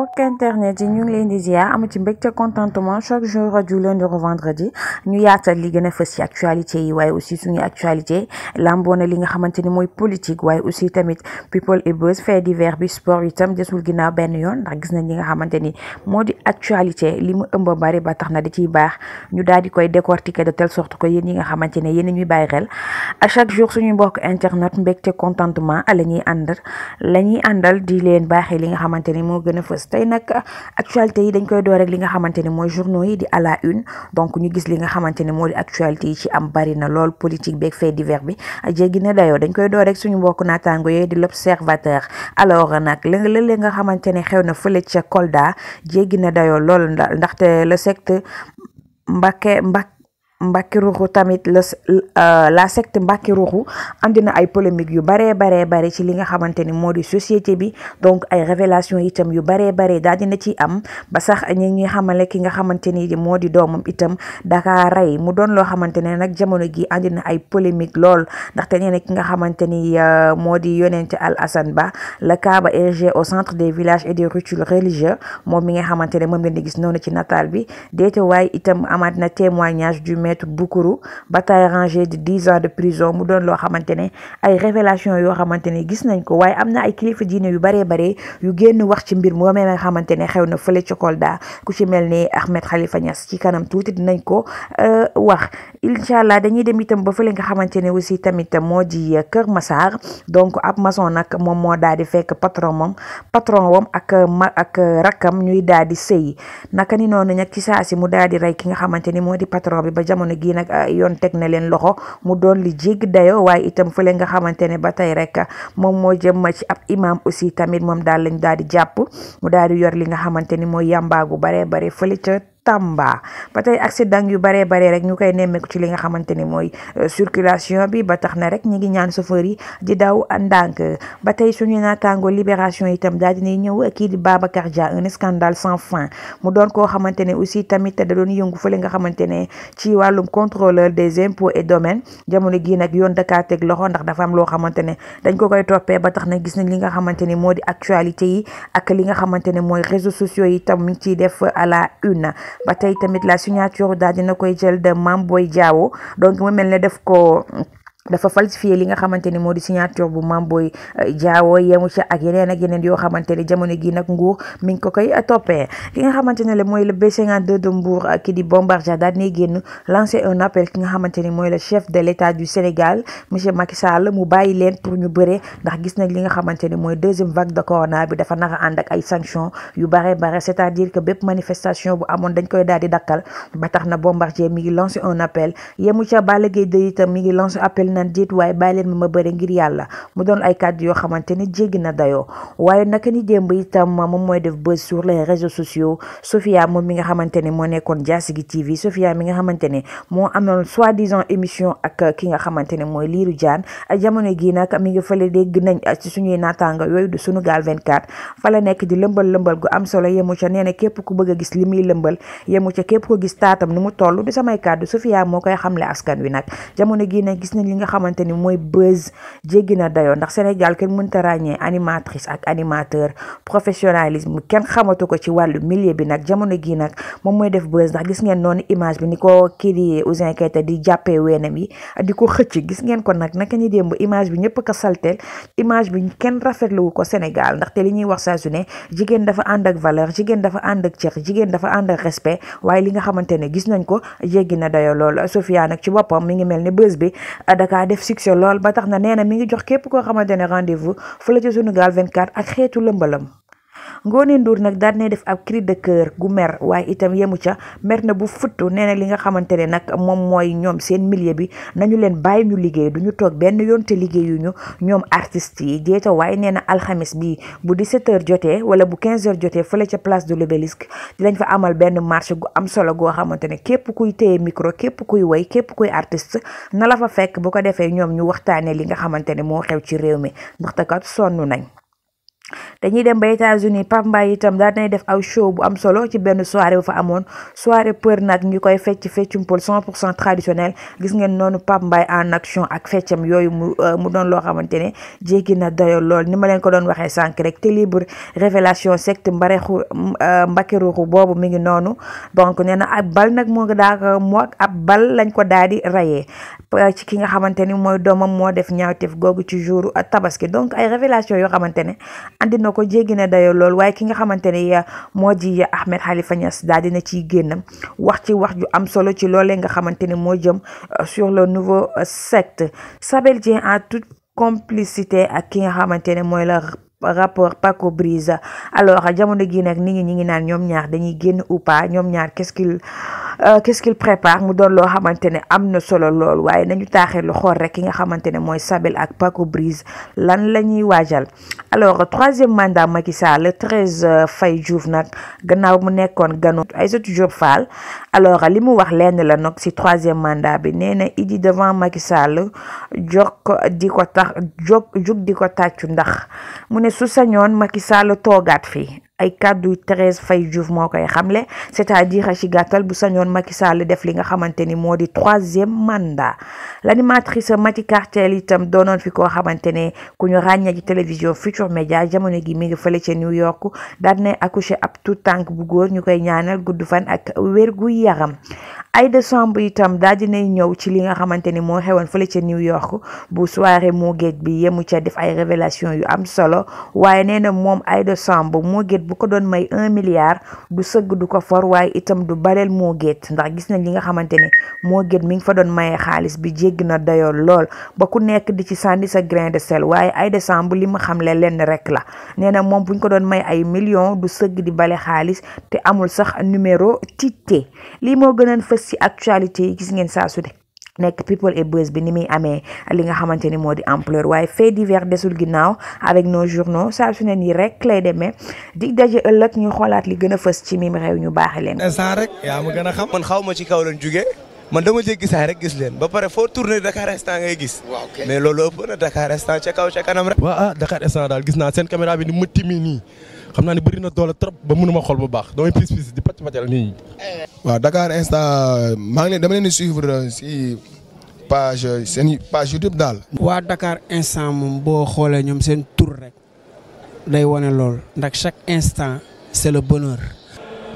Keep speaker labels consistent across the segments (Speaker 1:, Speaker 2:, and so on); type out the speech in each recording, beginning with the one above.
Speaker 1: mbokk internet yi ñu ngi leen di ziar am ci mbégte contentement chaque jour du lundi au vendredi ñu yaatal li gën a fës ci actualité yi waaye aussi suñu actualité lamboo na li nga xamante ni mooy politique waaye aussi tamit people et buzz fait divers bi sport itam desul ginnaaw benn yoon ndax gis nañ li nga xamante ni moo di actualité li mu ëmb bari ba tax na da ciy baax ñu daal di koy décortiquer de telle sorte que yéen yi nga xamante ne yéen ñuy bàyyi xel à chaque jour suñu mbokk internet mbégte contentement la ñuy àndal la ñuy àndal di leen baaxee li nga xamante ni moo gën a fës tey nag actualité yi dañ koy door rek li nga xamante ne mooy journaux yi di à la une donc ñu gis li nga xamante ne moo di actualité yi ci am bari na lool politique beeg fait divers bi jéggi na dayoo dañ koy door rek suñu mbokk naataango yooyu di l'observateur alors nag lële li nga xamante ne xew na fële ca Kolda jéggi na dayoo lool ndaxte le secte Mbake Mbake. Mbakiruxu tamit la euh, la secte Mbakiruxu andi na ay polémique yu bare bare bare ci li nga xamanteni modi société bi donc ay révélation itam yu baré bare daa dina ci am ba sax ñi ñuy xamale ki nga xamanteni ni moo itam daka ray, mu don lo xamanteni nak jamono gi andi ay polémique lool tane nga euh, yonente Al Hassan Ba la Kaaba érigé au centre des villages et des rituels religieux mom mi nga xamanteni mom moom gis ci natal bi itam témoignage du maître Boukourou bataille rangée de dix ans de prison mu doon loo xamante ne ay révélation yoo xamante ne gis nañ ko waaye am na ay kilifa diine yu baree bare yu génn wax ci mbir moomee nga xamante xew na fële ci ku ci mel ni Ahmed Khalifa Niass ci kanam tuuti dinañ ko euh, wax incha allah dañuy dem itam ba fële nga xamante ne aussi tamit moo di Kër Massar donc ab mason nag moom moo daal di fekk patron moom patron wam ak ma ak rakkam ñuy daal di sëy naka ni noonu jamono gi nag ah, yoon teg na leen loxo mu doon li jéggi dayo waaye itam fële nga xamante ne ba tey rek moom moo jëm ci ab imam aussi tamit moom daal lañ daal di jàpp mu daal di yor li nga xamante ni mooy yàmbaagu bare bare fële ca Tamba ba tey accident yu baree baree rek ñu koy nemmeeku ci li nga xamante ni mooy euh, circulation bi ba tax na rek ñi ngi ñaan chauffeur yi di daw ndànk ba tey suñu tàngoor libération itam daal dinay ñëw kii di Babacar Dia un scandale sans fin mu doon koo xamante ne aussi tamit da doon yëngu fële nga xamante ne ci wàllum controleur des impôts et domaines jamono gii nag yoon dakaa teg loxo ndax dafa am loo xamante ne dañ ko koy toppee ba tax na gis nañ li nga xamante ni moo di actualité yi ak li nga xamante ne mooy réseaux sociaux yi tam ngi ciy def à la ba tey tamit la signature daal dina koy jël de Mame Boye Diao donc mu mel ne def ko dafa falsifié li nga xamante ni moo di signature bu Mame Boye eh, Diao yemu ci ak yeneen ak yeneen yoo xamante ni jamono gi nag nguur mi ngi ko koy mooy de Mbour eh, ki di Bombardier daal di génn lancer un appel ki le chef ñu bëree ndax gis nañ li nga xamante ni mooy deuxième vague de corona bi dafa nar a ànd ak ay sanctions yu bare bare c'est-à-dire que bépp manifestation bu amoon dañ koy daal di dakkal ba tax na Bombardier mi ngi lancer un appel yemu ca Balla Gaye 2 itam mi ngi lancer appel na naan déet waaye bàyyi leen ma ma ngir yàlla mu doon ay kàddu yoo xamante ni jéggi na dayoo waaye naka ni démb itam moom mooy def buzz sur les réseaux sociaux Sofia moom mi nga xamante ne moo nekkoon Diassigui TV Sofia mi nga xamante ne moo amoon soi-disant émission ak ki nga xamante ne mooy Lirou Diane jamono gi nag mi ngi fële dégg nañ ci suñuy naataanga yooyu du Sunugal 24 fala nekk di lëmbal lëmbal gu am solo yemu ca nee na képp ku bëgg a gis li muy lëmbal yemu ca képp ko gis taatam ni mu toll du samay kàddu Sofia moo koy xamle askan wi nag jamono gi xamante ni mooy buzz jéggi na dayoo ndax Sénégal kenn mënta ràññee animatrice ak animateur professionnalisme kenn xamatu ko ci wàllu millier bi nag jamono gi nag moom mooy def buzz ndax gis ngeen noonu image bi ni ko kii di Ouzin Keita di jàppee weenam yi di ko xëcc gis ngeen ko nag naka ñu démb image bi ñëpp ko salteel image bi kenn rafet rafetluwu ko Sénégal ndaxte li ñuy wax saa sune jigéen dafa ànd ak valeur jigéen dafa ànd ak cër jigéen dafa ànd ak respect waaye li nga xamante ne gis nañ ko jéggi na dayoo lool Sofia nag ci boppam mu ngi mel ni buzz Dakar def succès lool ba tax na nee na mi ngi jox képp koo xamante ne rendez-vous fu la ci Sunugal 24 ak xeetu lëmbalam Ngone nduur nag daal def ab cri de cœur gu mer waaye itam yemu ca mer na bu futt nee na li nga xamante ne nag moom mooy ñoom seen milieu bi nañu leen bàyyi ñu liggéey du ñu toog benn yoon te liggéeyuñu ñoom artistes yi jeeta waaye nee na alxamis bi bu 17h jotee wala bu 15h jotee fële ca place de l'obélisque dinañ fa amal benn marché gu am solo goo xamante ne képp kuy téye micro képp kuy woy képp kuy artist na la fa fekk bu ko defee ñoom ñu waxtaanee li nga xamante ne moo xew ci réew mi ndaxte kat sonn nañ. dañuy dem ba États-Unis Pape Mbaye itam daa nay def aw show bu am solo ci benn soirée bu fa amoon soirée peur nag ngi koy fecc feccum pël 100 pour traditionnel gis ngeen noonu Pape Mbaye en action ak feccam yooyu mu euh, mu doon loo xamante ne jéggi na dayo lool ni ma leen ko doon waxee sànq rek te libre révélation secte mbarexu euh, mbakiruxu boobu mi ngi noonu donc nee na ab bal nag moo daa moo ab bal lañ ko daal di rayee euh, ci ki nga xamante ni mooy doomam moo def ñaawteef googu ci jour tabaski donc ay révélation yoo xamante ne andi na ko na dayo lol waaye ki nga eh, eh, Ahmed Khalifa Niass dal dina ci génn wax ci wax ju am solo ci lolé nga mo eh, sur le nouveau secte Sabel a a toute complicité ak ki nga xamante moy la rapport Paco brisa. alors jamono gi nak ni ñi ñi ngi naan ñom ñaar dañuy ou pas ñom ñaar qu'est-ce qu'il Euh, qu'est-ce qu'il prépare mu doon loo xamante ne am na solo lool waaye nañu taaxee lu xool rek ki nga xamante ne mooy Sabel ak Paco Brice lan la ñuy waajal alors troisième mandat Macky Sall le 13 euh, Faye nag gannaaw mu nekkoon ganu Aïssatou Diop Fall alors li mu wax lenn la nag troisième mandat bi nee na Idi devant Macky Sall jog di ko tax jog jug di ko tàccu ndax mu ne su sañoon Macky Sall toogaat fii ay kàddu Thérèse Faye Diouf moo koy xamle c'est-à-dire ci gàttal bu sañoon Macky Sall def li nga xamante ni moo di troisième mandat l'animatrice Mati Cartel itam doonoon fi koo xamante ne ku ñu ràññee ci télévision Futur Média jamono gi mi ngi fële ca New York daal ne accouché ab tout tànk bu góor ñu koy ñaanal gudd fan ak wér gu yaram ay décembre itam daal dinay ñëw ci li nga xamante ni moo xewoon fële ca New York bu soirée Mo géej bi yemu ca def ay révélation yu am solo bu ko doon may un milliard du sëgg du ko for waaye itam du baleel moo géet ndax gis nañ li nga xamante ne moo géet mi ngi fa doon maye xaalis bi jégg na dayoon lool ba ku nekk di ci sànni sa grain de sel waaye ay décembre li ma xamle lenn rek la nee na moom buñ ko doon may ay millions du sëgg di bale xaalis te amul sax numéro tiité lii moo gënoon fës ci actualité yi gis ngeen saa su ne nekk people et buzz bi ni muy amee li nga xamante ni moo di ampleur waaye fait divers desul ginnaaw avec nos journaux sa su ne nii rek lay demee dig daje ëllëg ñu xoolaat li gën a fës ci mim réew ñu baaxe leen. instant rek yaa ma gën xam. man xaw ma ci kaw leen jugee man dama jéggi saa rek gis leen ba pare foo tourné Dakar instant ngay gis. mais loolu ëpp na Dakar instant ca kaw ca kanam rek. waaw ah Dakar instant daal gis naa seen caméra bi ni mu timmi nii. xam naa ne bëri na doole trop ba mënuma xol bu baax damay pis pis di pàcc pàccal nit ñi. waaw Dakar instant maa ngi leen dama leen di suivre si page seen page YouTube daal. waa Dakar instant moom boo xoolee ñoom seen tur rek day wane lool ndax chaque instant c'est le bonheur.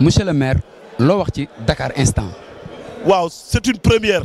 Speaker 1: monsieur le maire loo wax ci Dakar instant. waaw c'est une première.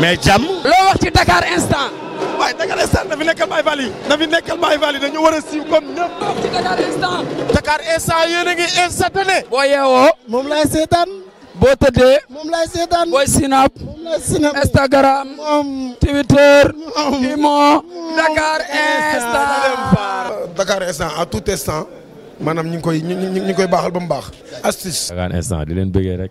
Speaker 1: mais jàmm. loo wax ci Dakar instant. Dakar instant a Dakar instant. Dakar instant yéen a ngi instantané. boo moom laay seetaan. boo tëddee. moom laay seetaan. booy Twitter. Dakar instant. Dakar à tout instant. maanaam ñu ngi koy ñu ngi baaxal ba mu baax. astuce. Dakar instant di leen bëggee rek.